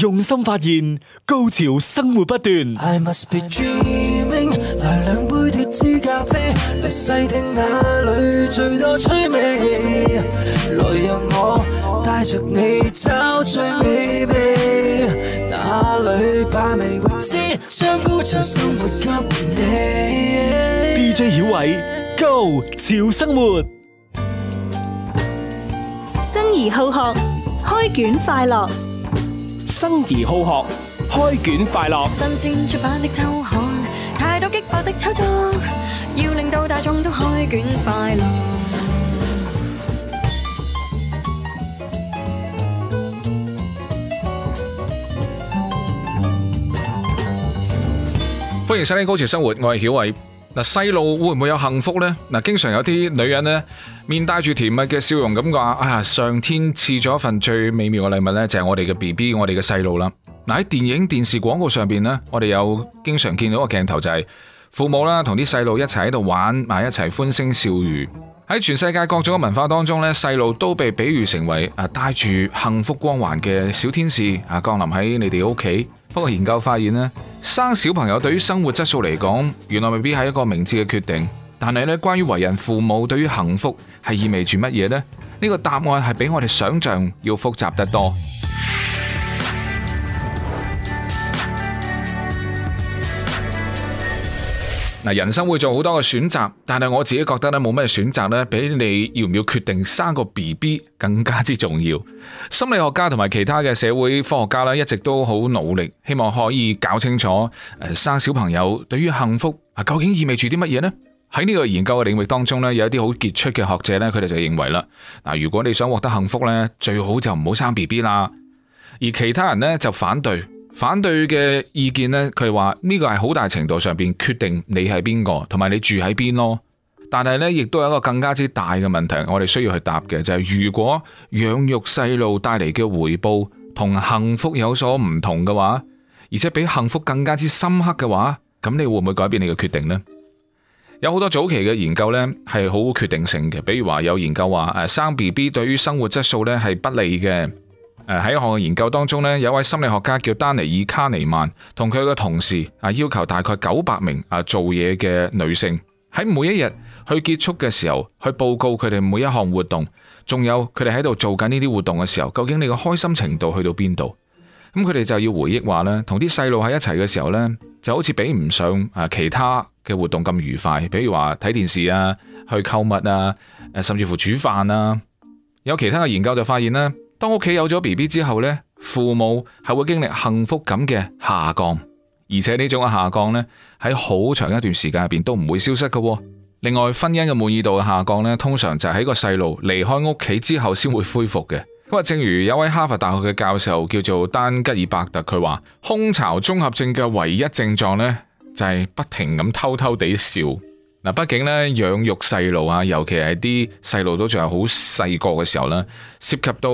用心發現，高潮生活不斷。I must be dreaming，來兩杯脫脂咖啡，來細聽那裏最多趣味。來讓我帶着你找最美味，哪裏把味知？將高潮生活給你。DJ 曉偉，高潮生活，生而好學，開卷快樂。生而好學，開卷快樂。新鮮出版的周刊，太多激薄的炒作，要令到大眾都開卷快樂。歡迎收聽《高潮生活》，我係曉偉。嗱，細路會唔會有幸福呢？嗱，經常有啲女人咧，面帶住甜蜜嘅笑容咁話：啊，上天賜咗一份最美妙嘅禮物呢，就係我哋嘅 B B，我哋嘅細路啦。嗱，喺電影、電視、廣告上邊呢，我哋又經常見到個鏡頭就係父母啦，同啲細路一齊喺度玩埋一齊，歡聲笑語。喺全世界各種嘅文化當中呢，細路都被比喻成為啊帶住幸福光環嘅小天使啊，降臨喺你哋屋企。不過研究發現呢，生小朋友對於生活質素嚟講，原來未必係一個明智嘅決定。但係咧，關於為人父母對於幸福係意味住乜嘢呢？呢個答案係比我哋想象要複雜得多。嗱，人生會做好多個選擇，但係我自己覺得咧，冇咩選擇咧，比你要唔要決定生個 B B 更加之重要。心理學家同埋其他嘅社會科學家咧，一直都好努力，希望可以搞清楚誒，生小朋友對於幸福啊，究竟意味住啲乜嘢呢？喺呢個研究嘅領域當中咧，有一啲好傑出嘅學者咧，佢哋就認為啦，嗱，如果你想獲得幸福咧，最好就唔好生 B B 啦，而其他人咧就反對。反對嘅意見呢，佢話呢個係好大程度上邊決定你係邊個，同埋你住喺邊咯。但係呢，亦都有一個更加之大嘅問題，我哋需要去答嘅就係如果養育細路帶嚟嘅回報同幸福有所唔同嘅話，而且比幸福更加之深刻嘅話，咁你會唔會改變你嘅決定呢？有好多早期嘅研究呢係好決定性嘅，比如話有研究話，誒，生 B B 對於生活質素呢係不利嘅。喺一項研究當中呢，有一位心理學家叫丹尼爾卡尼曼，同佢嘅同事啊，要求大概九百名啊做嘢嘅女性喺每一日去結束嘅時候，去報告佢哋每一項活動，仲有佢哋喺度做緊呢啲活動嘅時候，究竟你嘅開心程度去到邊度？咁佢哋就要回憶話呢，同啲細路喺一齊嘅時候呢，就好似比唔上啊其他嘅活動咁愉快，比如話睇電視啊、去購物啊、甚至乎煮飯啊。有其他嘅研究就發現呢，當屋企有咗 BB 之後，呢父母係會經歷幸福感嘅下降，而且呢種嘅下降呢喺好長一段時間入邊都唔會消失嘅。另外，婚姻嘅滿意度嘅下降呢，通常就係喺個細路離開屋企之後先會恢復嘅。咁啊，正如有位哈佛大學嘅教授叫做丹吉爾伯特，佢話空巢綜合症嘅唯一症狀呢，就係不停咁偷偷地笑嗱。畢竟呢，養育細路啊，尤其係啲細路都仲係好細個嘅時候呢，涉及到。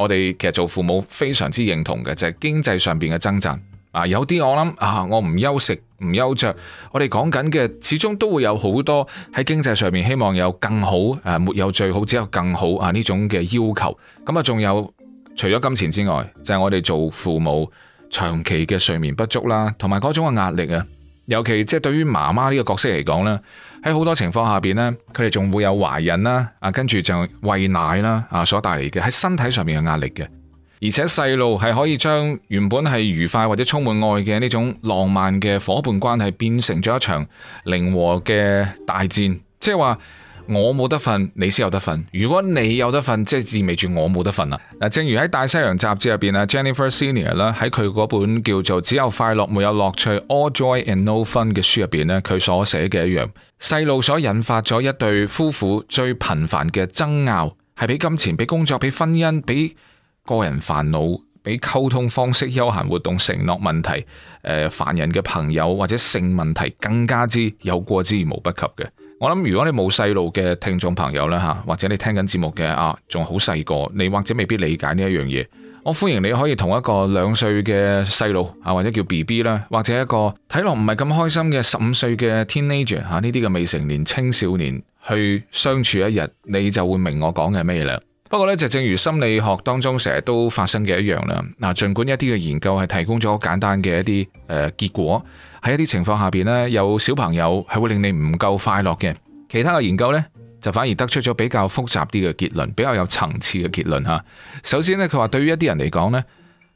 我哋其實做父母非常之認同嘅，就係經濟上邊嘅增進啊，有啲我諗啊，我唔休息唔休着，我哋講緊嘅始終都會有好多喺經濟上面希望有更好誒，沒有最好，只有更好啊，呢種嘅要求。咁啊，仲有除咗金錢之外，就係我哋做父母長期嘅睡眠不足啦，同埋嗰種嘅壓力啊，尤其即係對於媽媽呢個角色嚟講呢。喺好多情況下邊呢，佢哋仲會有懷孕啦，啊，跟住就喂奶啦，啊，所帶嚟嘅喺身體上面嘅壓力嘅。而且細路係可以將原本係愉快或者充滿愛嘅呢種浪漫嘅伙伴關係變成咗一場零和嘅大戰，即係話。我冇得瞓，你先有得瞓。如果你有得瞓，即係意味住我冇得瞓啦。嗱，正如喺大西洋雜誌入邊啊，Jennifer Senior 啦，喺佢嗰本叫做《只有快樂沒有樂趣》（All Joy and No Fun） 嘅書入邊咧，佢所寫嘅一樣，細路所引發咗一對夫婦最頻繁嘅爭拗，係比金錢、比工作、比婚姻、比個人煩惱、比溝通方式、休閒活動、承諾問題、誒、呃、煩人嘅朋友或者性問題更加之有過之而無不及嘅。我諗，如果你冇細路嘅聽眾朋友咧吓，或者你聽緊節目嘅啊，仲好細個，你或者未必理解呢一樣嘢。我歡迎你可以同一個兩歲嘅細路啊，或者叫 BB 啦，或者一個睇落唔係咁開心嘅十五歲嘅 teenager 吓、啊，呢啲嘅未成年青少年去相處一日，你就會明我講嘅咩嘢啦。不過咧就正如心理學當中成日都發生嘅一樣啦，嗱，盡管一啲嘅研究係提供咗好簡單嘅一啲誒、呃、結果，喺一啲情況下邊咧，有小朋友係會令你唔夠快樂嘅。其他嘅研究呢，就反而得出咗比較複雜啲嘅結論，比較有層次嘅結論吓。首先呢，佢話對於一啲人嚟講呢，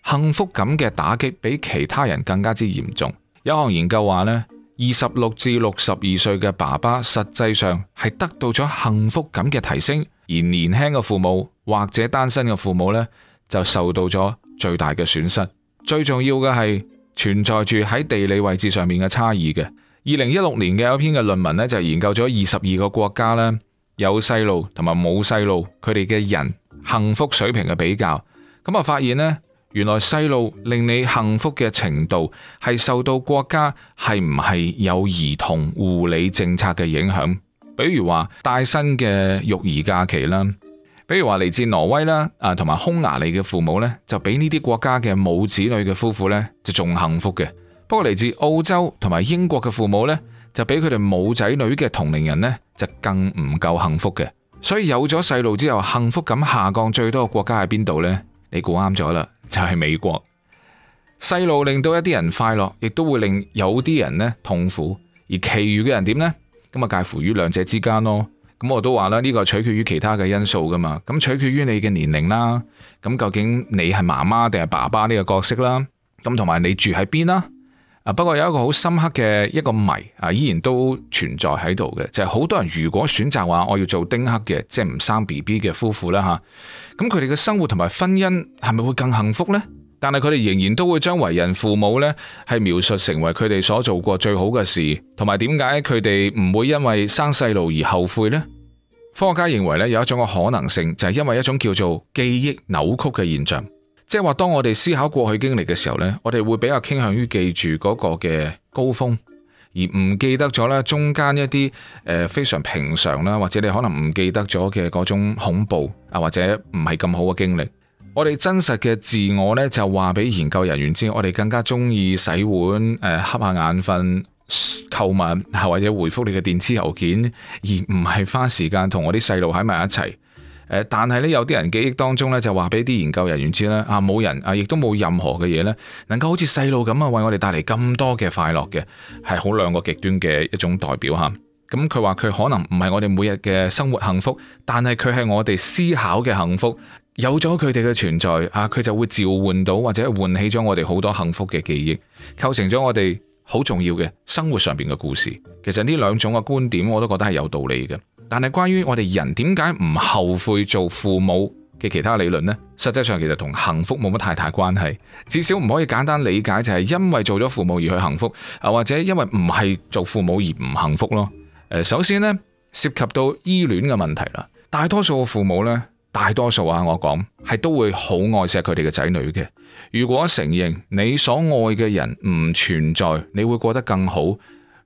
幸福感嘅打擊比其他人更加之嚴重。有項研究話呢，二十六至六十二歲嘅爸爸實際上係得到咗幸福感嘅提升。而年輕嘅父母或者單身嘅父母呢，就受到咗最大嘅損失。最重要嘅係存在住喺地理位置上面嘅差異嘅。二零一六年嘅有篇嘅論文呢，就研究咗二十二個國家啦，有細路同埋冇細路，佢哋嘅人幸福水平嘅比較，咁啊發現呢，原來細路令你幸福嘅程度係受到國家係唔係有兒童護理政策嘅影響。比如話帶薪嘅育兒假期啦，比如話嚟自挪威啦，啊同埋匈牙利嘅父母呢，就比呢啲國家嘅冇子女嘅夫婦呢，就仲幸福嘅。不過嚟自澳洲同埋英國嘅父母呢，就比佢哋冇仔女嘅同齡人呢，就更唔夠幸福嘅。所以有咗細路之後，幸福感下降最多嘅國家係邊度呢？你估啱咗啦，就係美國。細路令到一啲人快樂，亦都會令有啲人咧痛苦，而其餘嘅人點呢？咁啊，就介乎於兩者之間咯。咁我都話啦，呢個取決於其他嘅因素噶嘛。咁取決於你嘅年齡啦。咁究竟你係媽媽定係爸爸呢個角色啦？咁同埋你住喺邊啦？啊，不過有一個好深刻嘅一個謎啊，依然都存在喺度嘅，就係好多人如果選擇話我要做丁克嘅，即係唔生 B B 嘅夫婦啦吓。咁佢哋嘅生活同埋婚姻係咪會更幸福呢？但係佢哋仍然都會將為人父母呢係描述成為佢哋所做過最好嘅事，同埋點解佢哋唔會因為生細路而後悔呢？科學家認為呢，有一種嘅可能性就係因為一種叫做記憶扭曲嘅現象，即係話當我哋思考過去經歷嘅時候呢，我哋會比較傾向於記住嗰個嘅高峰，而唔記得咗呢，中間一啲誒，非常平常啦，或者你可能唔記得咗嘅嗰種恐怖啊，或者唔係咁好嘅經歷。我哋真實嘅自我呢，就話俾研究人員知，我哋更加中意洗碗、誒瞌下眼瞓、購物，或者回覆你嘅電子郵件，而唔係花時間同我啲細路喺埋一齊、呃。但係呢，有啲人記憶當中呢，就話俾啲研究人員知啦，啊冇人啊，亦都冇任何嘅嘢呢，能夠好似細路咁啊，為我哋帶嚟咁多嘅快樂嘅，係好兩個極端嘅一種代表吓。咁佢話佢可能唔係我哋每日嘅生活幸福，但係佢係我哋思考嘅幸福。有咗佢哋嘅存在，啊，佢就會召喚到或者喚起咗我哋好多幸福嘅記憶，構成咗我哋好重要嘅生活上邊嘅故事。其實呢兩種嘅觀點，我都覺得係有道理嘅。但係關於我哋人點解唔後悔做父母嘅其他理論呢？實際上其實同幸福冇乜太大關係。至少唔可以簡單理解就係因為做咗父母而去幸福，啊，或者因為唔係做父母而唔幸福咯。首先呢，涉及到依戀嘅問題啦。大多數嘅父母呢。大多數啊，我講係都會好愛錫佢哋嘅仔女嘅。如果承認你所愛嘅人唔存在，你會過得更好？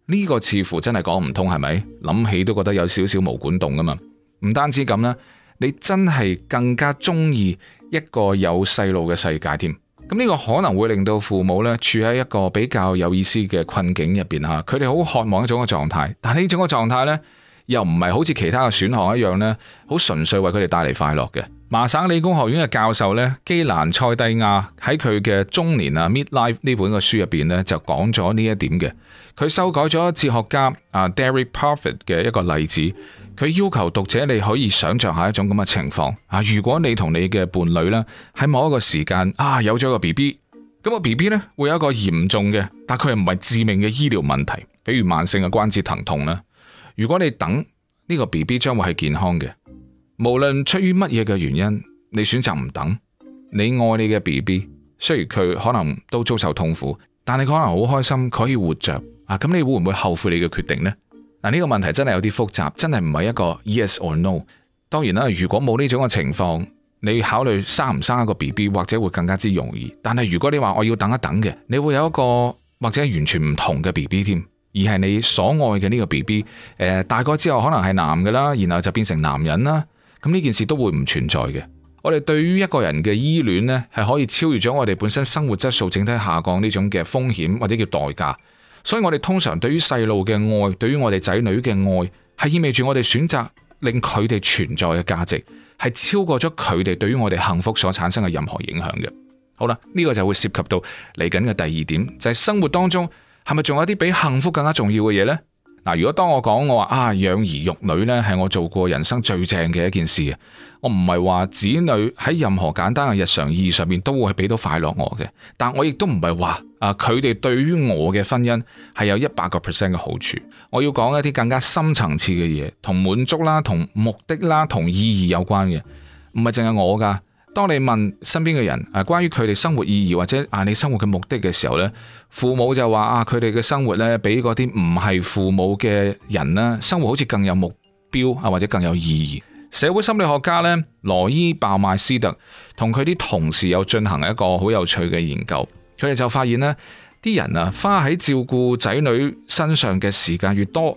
呢個似乎真係講唔通，係咪？諗起都覺得有少少毛管動噶嘛。唔單止咁啦，你真係更加中意一個有細路嘅世界添。咁呢個可能會令到父母呢處喺一個比較有意思嘅困境入邊啊。佢哋好渴望一種嘅狀態，但係呢種嘅狀態呢。又唔係好似其他嘅選項一樣呢，好純粹為佢哋帶嚟快樂嘅。麻省理工學院嘅教授咧，基蘭塞蒂亞喺佢嘅中年啊《Midlife》呢本嘅書入邊呢，就講咗呢一點嘅。佢修改咗哲學家啊 Derek Parfit 嘅一個例子，佢要求讀者你可以想像下一種咁嘅情況啊，如果你同你嘅伴侶呢，喺某一個時間啊有咗個 B B，咁個 B B 呢會有一個嚴重嘅，但佢唔係致命嘅醫療問題，比如慢性嘅關節疼痛啦。如果你等，呢個 B B 將會係健康嘅，無論出於乜嘢嘅原因，你選擇唔等，你愛你嘅 B B，雖然佢可能都遭受痛苦，但你可能好開心可以活着啊！咁你會唔會後悔你嘅決定呢？嗱，呢個問題真係有啲複雜，真係唔係一個 yes or no。當然啦，如果冇呢種嘅情況，你考慮生唔生一個 B B，或者會更加之容易。但係如果你話我要等一等嘅，你會有一個或者完全唔同嘅 B B 添。而係你所愛嘅呢個 BB，誒，大個之後可能係男嘅啦，然後就變成男人啦，咁呢件事都會唔存在嘅。我哋對於一個人嘅依戀呢，係可以超越咗我哋本身生活質素整體下降呢種嘅風險或者叫代價。所以我哋通常對於細路嘅愛，對於我哋仔女嘅愛，係意味住我哋選擇令佢哋存在嘅價值係超過咗佢哋對於我哋幸福所產生嘅任何影響嘅。好啦，呢個就會涉及到嚟緊嘅第二點，就係生活當中。係咪仲有啲比幸福更加重要嘅嘢呢？嗱，如果當我講我話啊養兒育女呢，係我做過人生最正嘅一件事啊，我唔係話子女喺任何簡單嘅日常意義上面都會係俾到快樂我嘅，但我亦都唔係話啊佢哋對於我嘅婚姻係有一百個 percent 嘅好處。我要講一啲更加深層次嘅嘢，同滿足啦、同目的啦、同意義有關嘅，唔係淨係我噶。當你問身邊嘅人啊，關於佢哋生活意義或者啊，你生活嘅目的嘅時候咧，父母就話啊，佢哋嘅生活咧，比嗰啲唔係父母嘅人咧，生活好似更有目標啊，或者更有意義。社會心理學家咧，羅伊鮑麥斯特同佢啲同事又進行一個好有趣嘅研究，佢哋就發現咧，啲人啊，人花喺照顧仔女身上嘅時間越多，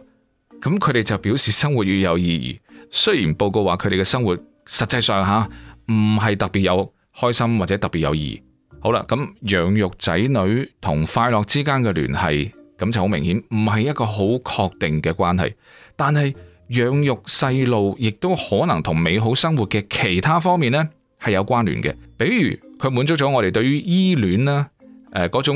咁佢哋就表示生活越有意義。雖然報告話佢哋嘅生活實際上吓。唔係特別有開心或者特別有意義。好啦，咁養育仔女同快樂之間嘅聯繫，咁就好明顯，唔係一個好確定嘅關係。但係養育細路亦都可能同美好生活嘅其他方面呢係有關聯嘅，比如佢滿足咗我哋對於依戀啦，誒嗰種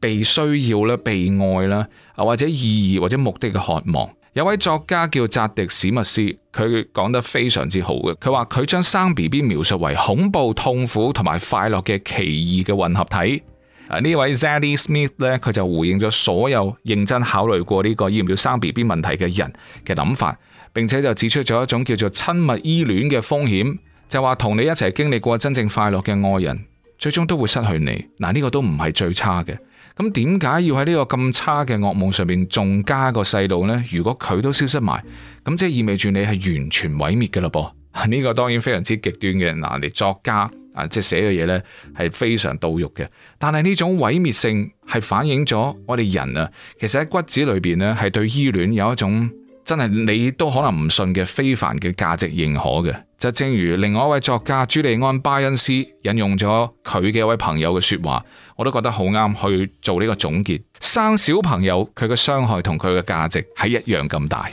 被需要啦、被愛啦，或者意義或者目的嘅渴望。有位作家叫扎迪史密斯，佢講得非常之好嘅。佢話佢將生 B B 描述為恐怖、痛苦同埋快樂嘅奇異嘅混合體。啊，呢位 Zadie Smith 咧，佢就回應咗所有認真考慮過呢個要唔要生 B B 問題嘅人嘅諗法，並且就指出咗一種叫做親密依戀嘅風險，就話同你一齊經歷過真正快樂嘅愛人，最終都會失去你。嗱，呢個都唔係最差嘅。咁點解要喺呢個咁差嘅噩夢上面仲加個細路呢？如果佢都消失埋，咁即係意味住你係完全毀滅嘅嘞噃。呢個當然非常之極端嘅。嗱，你作家啊，即係寫嘅嘢呢係非常到肉嘅。但係呢種毀滅性係反映咗我哋人啊，其實喺骨子裏邊呢，係對依戀有一種。真係你都可能唔信嘅非凡嘅價值認可嘅，就正如另外一位作家朱利安·巴恩斯引用咗佢嘅一位朋友嘅說話，我都覺得好啱去做呢個總結。生小朋友佢嘅傷害同佢嘅價值係一樣咁大。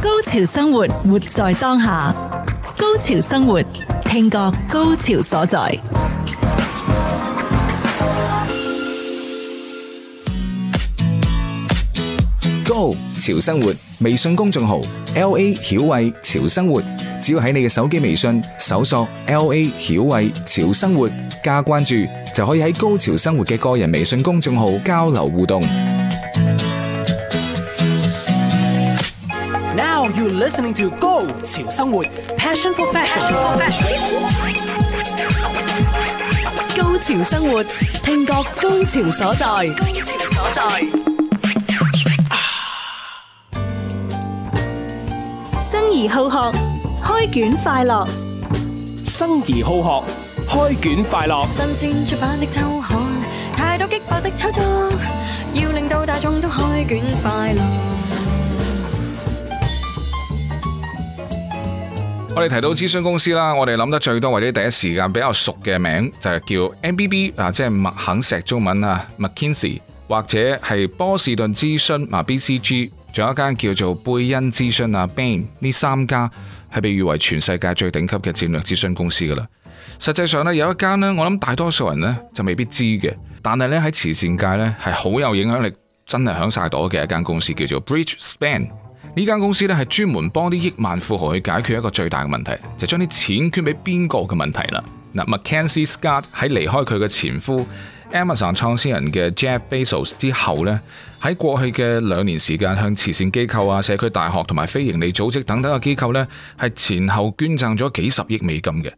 高潮生活，活在當下；高潮生活，聽過高潮所在。Go 潮生活微信公眾號，L A 曉慧潮生活，只要喺你嘅手機微信搜索 L A 曉慧潮生活加關注，就可以喺高潮生活嘅個人微信公眾號交流互動。Now you listening to Go 潮生活，Passion for Fashion，高潮生活，聽覺高潮所在。高潮所在。生而好學，開卷快樂。生而好學，開卷快樂。新鮮出版的周刊，太多激爆的炒作，要令到大眾都開卷快樂。我哋提到諮詢公司啦，我哋諗得最多或者第一時間比較熟嘅名就係、是、叫 M B B 啊，即係麥肯錫中文啊 McKinsey 或者係波士頓諮詢啊 B C G。仲有一間叫做貝恩諮詢啊 Bain 呢三家係被譽為全世界最頂級嘅戰略諮詢公司㗎啦。實際上咧，有一間呢，我諗大多數人呢就未必知嘅，但係呢喺慈善界呢，係好有影響力，真係響晒朵嘅一間公司叫做 Bridge Span。呢間公司呢係專門幫啲億萬富豪去解決一個最大嘅問題，就將、是、啲錢捐俾邊個嘅問題啦。嗱，Mackenzie Scott 喺離開佢嘅前夫。Amazon 創始人嘅 Jeff Bezos 之後咧，喺過去嘅兩年時間，向慈善機構啊、社區大學同埋非盈利組織等等嘅機構咧，係前後捐贈咗幾十億美金嘅。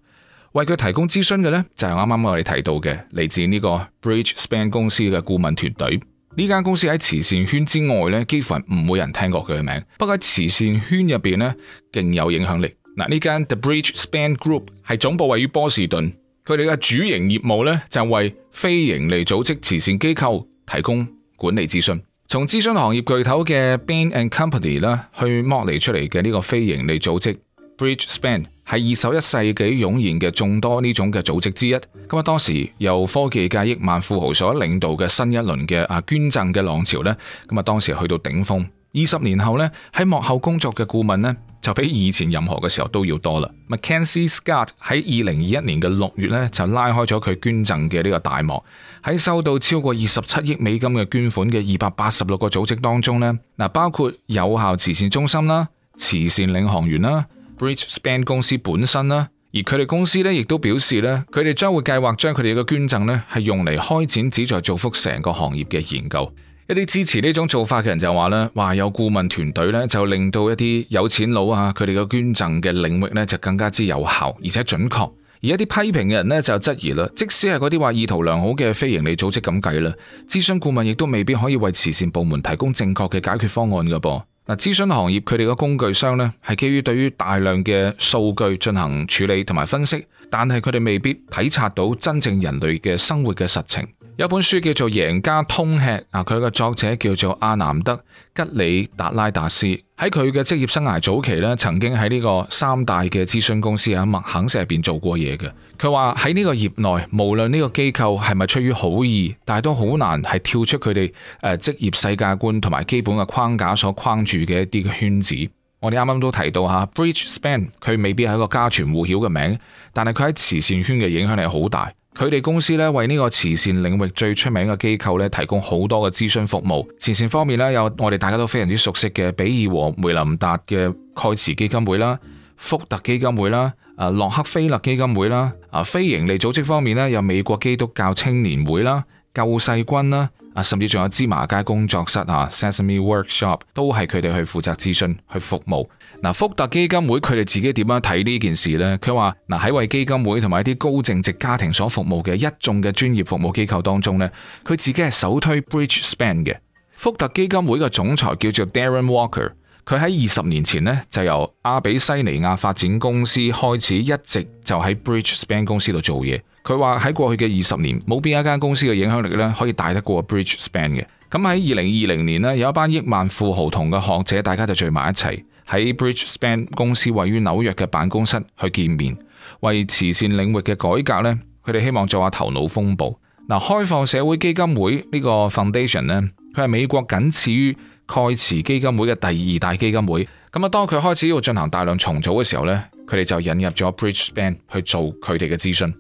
為佢提供諮詢嘅呢，就係啱啱我哋提到嘅嚟自呢個 BridgeSpan 公司嘅顧問團隊。呢間公司喺慈善圈之外咧，幾乎唔會人聽過佢嘅名，不過喺慈善圈入邊呢，勁有影響力。嗱，呢間 The BridgeSpan Group 係總部位於波士頓。佢哋嘅主營業務咧就係為非營利組織、慈善機構提供管理諮詢，從諮詢行業巨頭嘅 Bain and Company 咧去剝離出嚟嘅。呢個非營利組織 BridgeSpan 係二十一世紀湧現嘅眾多呢種嘅組織之一。咁啊，當時由科技界億萬富豪所領導嘅新一輪嘅啊捐贈嘅浪潮咧，咁啊當時去到頂峰。二十年後咧，喺幕後工作嘅顧問咧就比以前任何嘅時候都要多啦。McKenzie Scott 喺二零二一年嘅六月咧，就拉開咗佢捐贈嘅呢個大幕。喺收到超過二十七億美金嘅捐款嘅二百八十六個組織當中呢，嗱，包括有效慈善中心啦、慈善領航員啦、BridgeSpan 公司本身啦，而佢哋公司咧亦都表示咧，佢哋將會計劃將佢哋嘅捐贈咧係用嚟開展旨在造福成個行業嘅研究。一啲支持呢種做法嘅人就話呢話，有顧問團隊呢，就令到一啲有錢佬啊，佢哋嘅捐贈嘅領域呢，就更加之有效，而且準確。而一啲批評嘅人呢，就質疑啦，即使係嗰啲話意圖良好嘅非營利組織咁計啦，諮詢顧問亦都未必可以為慈善部門提供正確嘅解決方案噶噃。嗱，諮詢行業佢哋嘅工具箱呢，係基於對於大量嘅數據進行處理同埋分析，但係佢哋未必體察到真正人類嘅生活嘅實情。有本書叫做《贏家通吃》，啊，佢嘅作者叫做阿南德吉里達拉達斯。喺佢嘅職業生涯早期咧，曾經喺呢個三大嘅諮詢公司喺麥肯錫入邊做過嘢嘅。佢話喺呢個業內，無論呢個機構係咪出於好意，但係都好難係跳出佢哋誒職業世界觀同埋基本嘅框架所框住嘅一啲嘅圈子。我哋啱啱都提到吓 BridgeSpan，佢未必係一個家傳戶曉嘅名，但係佢喺慈善圈嘅影響力好大。佢哋公司咧，為呢個慈善領域最出名嘅機構咧提供好多嘅諮詢服務。慈善方面咧有我哋大家都非常之熟悉嘅比爾和梅琳達嘅蓋茨基金會啦、福特基金會啦、啊洛克菲勒基金會啦、啊非營利組織方面咧有美國基督教青年會啦、救世軍啦。啊，甚至仲有芝麻街工作室啊 （Sesame Workshop） 都係佢哋去負責諮詢、去服務。嗱，福特基金會佢哋自己點樣睇呢件事呢？佢話嗱，喺為基金會同埋一啲高淨值家庭所服務嘅一眾嘅專業服務機構當中呢，佢自己係首推 BridgeSpan 嘅。福特基金會嘅總裁叫做 Darren Walker，佢喺二十年前呢就由阿比西尼亞發展公司開始，一直就喺 BridgeSpan 公司度做嘢。佢話喺過去嘅二十年冇邊一間公司嘅影響力咧，可以大得過 BridgeSpan 嘅。咁喺二零二零年咧，有一班億萬富豪同嘅學者，大家就聚埋一齊喺 BridgeSpan 公司位於紐約嘅辦公室去見面，為慈善領域嘅改革咧。佢哋希望做下頭腦風暴嗱。開放社會基金會呢個 foundation 咧，佢係美國僅次於蓋茨基金會嘅第二大基金會。咁啊，當佢開始要進行大量重組嘅時候咧，佢哋就引入咗 BridgeSpan 去做佢哋嘅諮詢。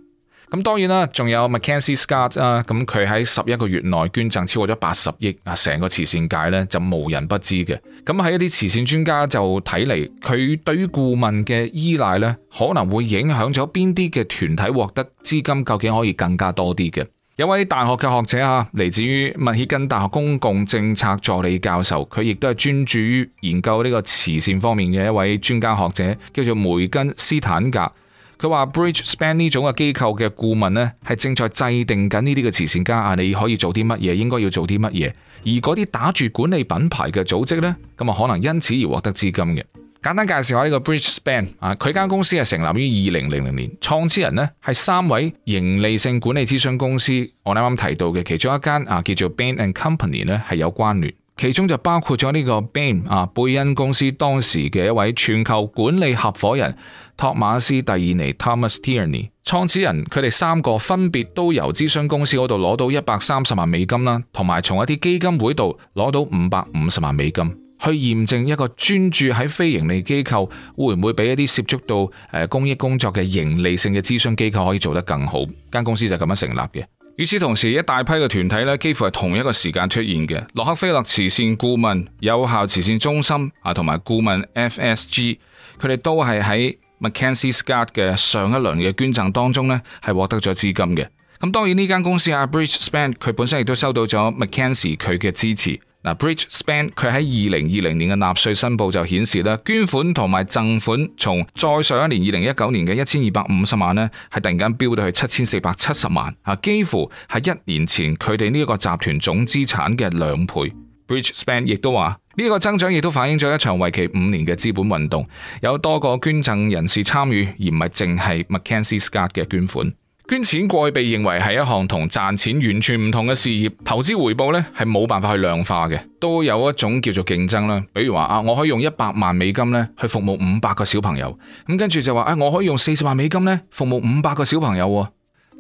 咁當然啦，仲有 McKenzie Scott 啊，咁佢喺十一個月內捐贈超過咗八十億，啊，成個慈善界咧就無人不知嘅。咁喺一啲慈善專家就睇嚟，佢對於顧問嘅依賴咧，可能會影響咗邊啲嘅團體獲得資金，究竟可以更加多啲嘅。有位大學嘅學者啊，嚟自於密歇根大學公共政策助理教授，佢亦都係專注於研究呢個慈善方面嘅一位專家學者，叫做梅根斯坦格。佢話 BridgeSpan 呢種嘅機構嘅顧問呢，係正在制定緊呢啲嘅慈善家啊，你可以做啲乜嘢，應該要做啲乜嘢，而嗰啲打住管理品牌嘅組織呢，咁啊可能因此而獲得資金嘅。簡單介紹下呢個 BridgeSpan 啊，佢間公司係成立於二零零零年，創始人呢係三位盈利性管理諮詢公司，我啱啱提到嘅其中一間啊，叫做 Bain and, and Company 呢係有關聯。其中就包括咗呢個貝恩啊，貝恩公司當時嘅一位全球管理合夥人托馬斯蒂尼 （Thomas Tierney） 創始人，佢哋三個分別都由諮詢公司嗰度攞到一百三十萬美金啦，同埋從一啲基金會度攞到五百五十萬美金，去驗證一個專注喺非盈利機構會唔會俾一啲涉足到誒公益工作嘅盈利性嘅諮詢機構可以做得更好。間公司就咁樣成立嘅。與此同時，一大批嘅團體咧，幾乎係同一個時間出現嘅。洛克菲勒慈善顧問、有效慈善中心啊，同埋顧問 FSG，佢哋都係喺 McKenzie Scott 嘅上一輪嘅捐贈當中咧，係獲得咗資金嘅。咁當然呢間公司阿 Bridgespan，佢本身亦都收到咗 McKenzie 佢嘅支持。嗱，BridgeSpan 佢喺二零二零年嘅納稅申報就顯示咧，捐款同埋贈款從再上一年二零一九年嘅一千二百五十萬咧，係突然間飆到去七千四百七十萬。嚇幾乎係一年前佢哋呢一個集團總資產嘅兩倍。BridgeSpan 亦都話，呢、這個增長亦都反映咗一場為期五年嘅資本運動，有多個捐贈人士參與，而唔係淨係 MacKenzie Scott 嘅捐款。捐錢過去被認為係一項同賺錢完全唔同嘅事業，投資回報呢係冇辦法去量化嘅，都有一種叫做競爭啦。比如話啊，我可以用一百萬美金呢去服務五百個小朋友，咁跟住就話，誒，我可以用四十萬美金呢服務五百個小朋友。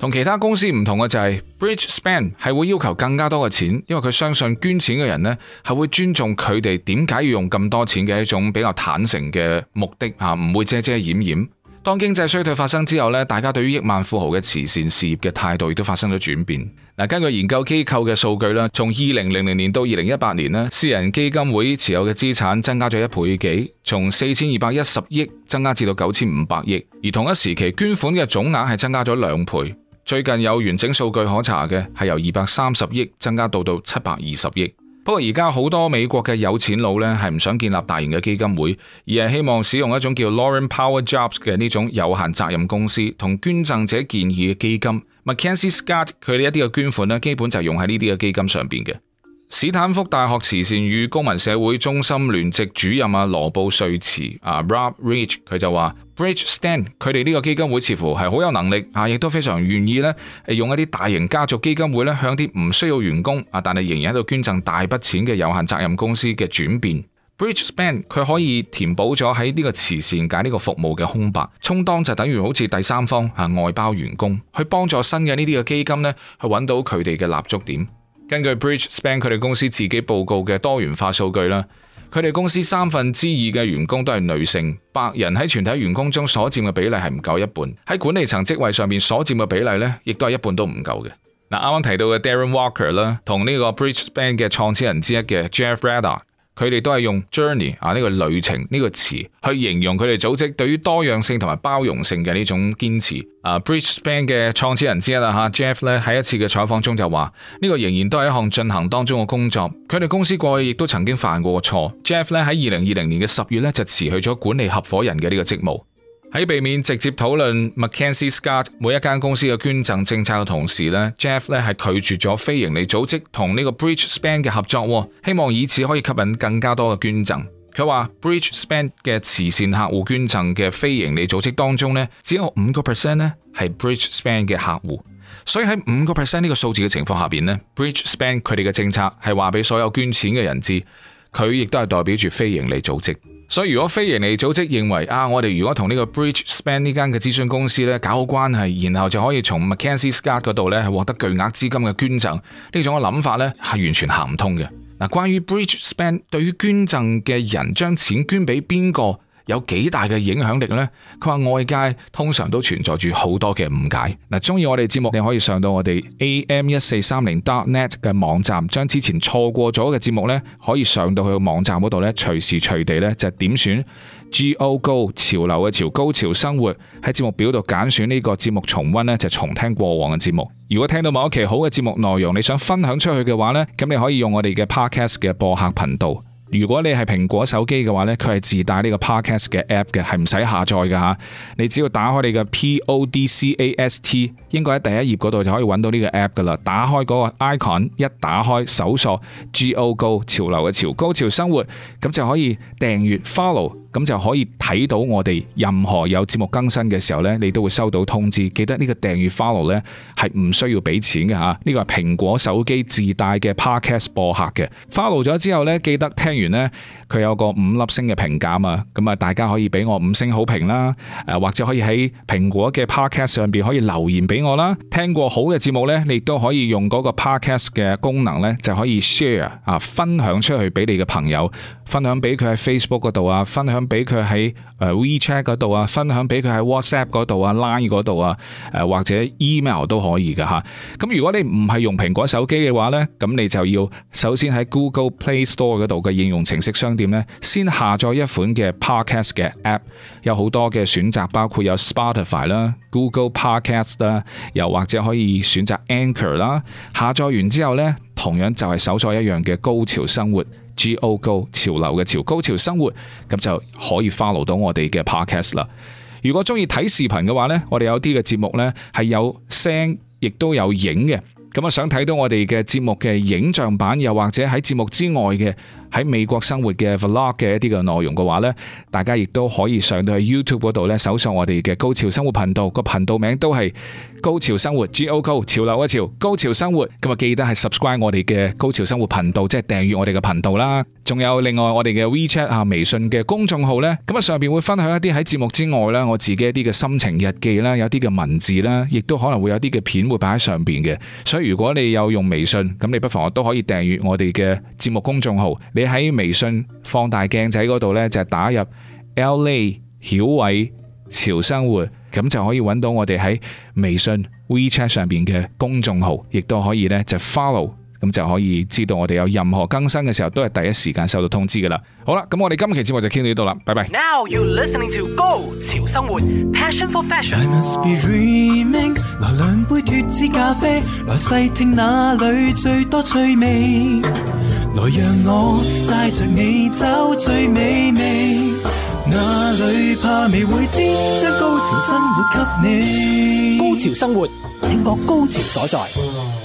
同其他公司唔同嘅就係 BridgeSpan 係會要求更加多嘅錢，因為佢相信捐錢嘅人呢係會尊重佢哋點解要用咁多錢嘅一種比較坦誠嘅目的啊，唔會遮遮掩掩。當經濟衰退發生之後咧，大家對於億萬富豪嘅慈善事業嘅態度亦都發生咗轉變。嗱，根據研究機構嘅數據啦，從二零零零年到二零一八年咧，私人基金會持有嘅資產增加咗一倍幾，從四千二百一十億增加至到九千五百億，而同一時期捐款嘅總額係增加咗兩倍。最近有完整數據可查嘅係由二百三十億增加到到七百二十億。不過而家好多美國嘅有錢佬呢，係唔想建立大型嘅基金會，而係希望使用一種叫 Lauren Power Jobs 嘅呢種有限責任公司同捐贈者建議嘅基金。Mackenzie Scott 佢哋一啲嘅捐款呢，基本就用喺呢啲嘅基金上邊嘅。斯坦福大學慈善與公民社會中心聯席主任啊羅布瑞茨啊 Rob Rich 佢就話。BridgeSpan 佢哋呢個基金會似乎係好有能力啊，亦都非常願意咧，用一啲大型家族基金會咧向啲唔需要員工啊，但係仍然喺度捐贈大筆錢嘅有限責任公司嘅轉變。BridgeSpan 佢可以填補咗喺呢個慈善界呢個服務嘅空白，充當就等於好似第三方啊、外包員工去幫助新嘅呢啲嘅基金咧去揾到佢哋嘅立足點。根據 BridgeSpan 佢哋公司自己報告嘅多元化數據啦。佢哋公司三分之二嘅員工都係女性，白人喺全體員工中所佔嘅比例係唔夠一半，喺管理層職位上面所佔嘅比例呢，亦都係一半都唔夠嘅。嗱，啱啱提到嘅 Darren Walker 啦，同呢個 Bridge Band 嘅創始人之一嘅 Jeff Rada 佢哋都係用 journey 啊，呢個旅程呢個詞去形容佢哋組織對於多樣性同埋包容性嘅呢種堅持。啊，BridgeSpan 嘅創始人之一啦，哈 Jeff 咧，喺一次嘅採訪中就話：呢個仍然都係一項進行當中嘅工作。佢哋公司過去亦都曾經犯過個錯。Jeff 咧，喺二零二零年嘅十月咧就辭去咗管理合伙人嘅呢個職務。喺避免直接討論 McKenzie Scott 每一間公司嘅捐贈政策嘅同時咧，Jeff 咧係拒絕咗非盈利組織同呢個 BridgeSpan 嘅合作，希望以此可以吸引更加多嘅捐贈。佢話 BridgeSpan 嘅慈善客戶捐贈嘅非盈利組織當中呢，只有五個 percent 咧係 BridgeSpan 嘅客戶，所以喺五個 percent 呢個數字嘅情況下邊咧，BridgeSpan 佢哋嘅政策係話俾所有捐錢嘅人知，佢亦都係代表住非盈利組織。所以如果非盈利組織認為啊，我哋如果同呢個 BridgeSpan 呢間嘅諮詢公司咧搞好關係，然後就可以從 McKenzie Scott 嗰度咧獲得巨額資金嘅捐贈，呢種嘅諗法咧係完全行唔通嘅。嗱，關於 BridgeSpan 對於捐贈嘅人將錢捐俾邊個，有幾大嘅影響力呢？佢話外界通常都存在住好多嘅誤解。嗱，中意我哋節目，你可以上到我哋 am 一四三零 dot net 嘅網站，將之前錯過咗嘅節目呢，可以上到去個網站嗰度呢隨時隨地呢，就點選 Go Go 潮流嘅潮高潮生活喺節目表度揀選呢個節目重温呢，就重聽過往嘅節目。如果聽到某一期好嘅節目內容，你想分享出去嘅話呢，咁你可以用我哋嘅 Podcast 嘅播客頻道。如果你係蘋果手機嘅話呢，佢係自帶呢個 Podcast 嘅 App 嘅，係唔使下載㗎吓。你只要打開你嘅 Podcast，應該喺第一頁嗰度就可以揾到呢個 App 噶啦。打開嗰個 icon，一打開搜索 Go Go 潮流嘅潮，高潮生活，咁就可以訂閱 Follow。咁就可以睇到我哋任何有節目更新嘅時候呢，你都會收到通知。記得呢個訂閱 follow 呢係唔需要俾錢嘅吓，呢個係蘋果手機自帶嘅 podcast 播客嘅。follow 咗之後呢，記得聽完呢，佢有個五粒星嘅評價啊，咁啊大家可以俾我五星好評啦。誒，或者可以喺蘋果嘅 podcast 上邊可以留言俾我啦。聽過好嘅節目呢，你都可以用嗰個 podcast 嘅功能呢，就可以 share 啊，分享出去俾你嘅朋友。分享俾佢喺 Facebook 度啊，分享俾佢喺誒 WeChat 度啊，分享俾佢喺 WhatsApp 度啊、Line 度啊，誒或者 email 都可以㗎吓。咁如果你唔係用蘋果手機嘅話呢，咁你就要首先喺 Google Play Store 嗰度嘅應用程式商店呢，先下載一款嘅 Podcast 嘅 App，有好多嘅選擇，包括有 Spotify 啦、Google Podcast 啦，又或者可以選擇 Anchor 啦。下載完之後呢，同樣就係搜索一樣嘅高潮生活。G O Go 潮流嘅潮高潮生活，咁就可以 follow 到我哋嘅 podcast 啦。如果中意睇視頻嘅話呢，我哋有啲嘅節目呢係有聲亦都有影嘅。咁啊，想睇到我哋嘅節目嘅影像版，又或者喺節目之外嘅，喺美國生活嘅 Vlog 嘅一啲嘅內容嘅話呢，大家亦都可以上到去 YouTube 嗰度呢，搜索我哋嘅高潮生活頻道，個頻道名都係高潮生活 G O G 潮流一潮高潮生活。咁啊，記得係 subscribe 我哋嘅高潮生活頻道，即係訂閱我哋嘅頻道啦。仲有另外我哋嘅 WeChat 啊，微信嘅公眾號呢。咁啊上邊會分享一啲喺節目之外呢，我自己一啲嘅心情日記啦，有啲嘅文字啦，亦都可能會有啲嘅片會擺喺上邊嘅。所以如果你有用微信，咁你不妨都可以訂閱我哋嘅節目公眾號。你喺微信放大鏡仔嗰度呢，就打入 L A 曉偉潮生活，咁就可以揾到我哋喺微信 WeChat 上邊嘅公眾號，亦都可以呢，就 follow，咁就可以知道我哋有任何更新嘅時候，都係第一時間收到通知噶啦。好啦，咁我哋今期節目就傾到呢度啦，拜拜。Now you listening to Go 潮生活 Passion for Fashion，I must be dreaming, 嗱，兩杯脫脂咖啡，嗱，細聽，那裡最多趣味。來讓我帶著你找最美味，哪裏怕未會知，將高潮生活給你。高潮生活，聽過高潮所在。